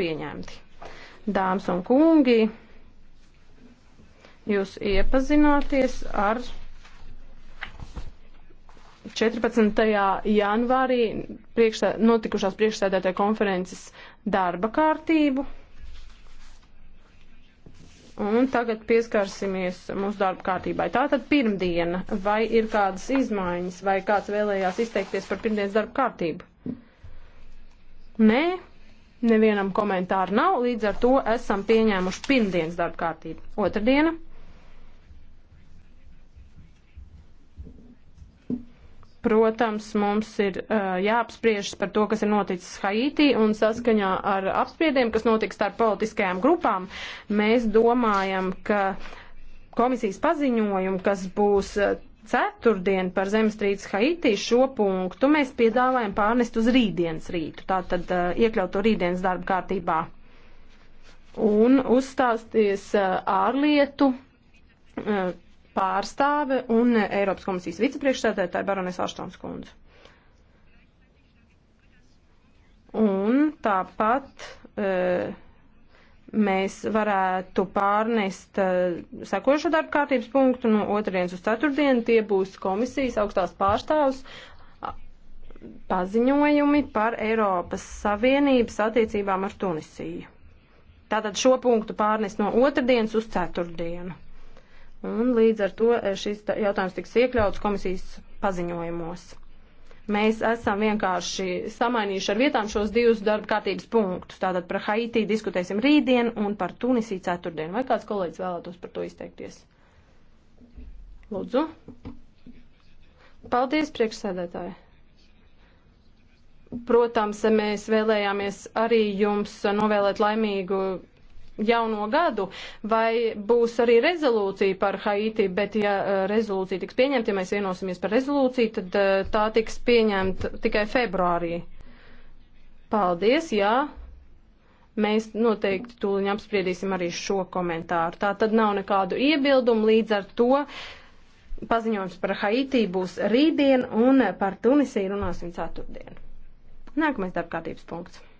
pieņemti. Dāmas un kungi, jūs iepazināties ar 14. janvārī priekšstā, notikušās priekšsēdētāja konferences darba kārtību. Un tagad pieskarsimies mūsu darba kārtībai. Tātad pirmdiena, vai ir kādas izmaiņas, vai kāds vēlējās izteikties par pirmdienas darba kārtību? Nē, Nevienam komentāru nav, līdz ar to esam pieņēmuši pirmdienas darba kārtību. Otra diena. Protams, mums ir uh, jāapspriežas par to, kas ir noticis Haitī un saskaņā ar apspriediem, kas notiks starp politiskajām grupām. Mēs domājam, ka komisijas paziņojumu, kas būs uh, ceturtdien par zemestrīces Haitī šo punktu mēs piedāvājam pārnest uz rītdienas rītu, tātad uh, iekļaut to rītdienas darba kārtībā. Un uzstāsties uh, ārlietu uh, pārstāve un Eiropas komisijas vicepriekšsēdētāja Baronesa Aštons kundze. Un tāpat. Uh, mēs varētu pārnest uh, eh, sekošu darba kārtības punktu no otrdienas uz ceturtdienu. Tie būs komisijas augstās pārstāvs paziņojumi par Eiropas Savienības attiecībām ar Tunisiju. Tātad šo punktu pārnest no otrdienas uz ceturtdienu. Un līdz ar to eh, šis jautājums tiks iekļauts komisijas paziņojumos. Mēs esam vienkārši samainījuši ar vietām šos divus darba kārtības punktus. Tātad par Haiti diskutēsim rītdien un par Tunisiju ceturtdien. Vai kāds kolēģis vēlētos par to izteikties? Lūdzu. Paldies, priekšsēdētāji. Protams, mēs vēlējāmies arī jums novēlēt laimīgu jauno gadu, vai būs arī rezolūcija par Haiti, bet ja eh, rezolūcija tiks pieņemta, ja mēs vienosimies par rezolūciju, tad eh, tā tiks pieņemta tikai februārī. Paldies, jā. Mēs noteikti tūliņ apspriedīsim arī šo komentāru. Tā tad nav nekādu iebildumu līdz ar to. Paziņojums par Haiti būs rītdien un par Tunisiju runāsim ceturtdien. Nākamais darbkārtības punkts.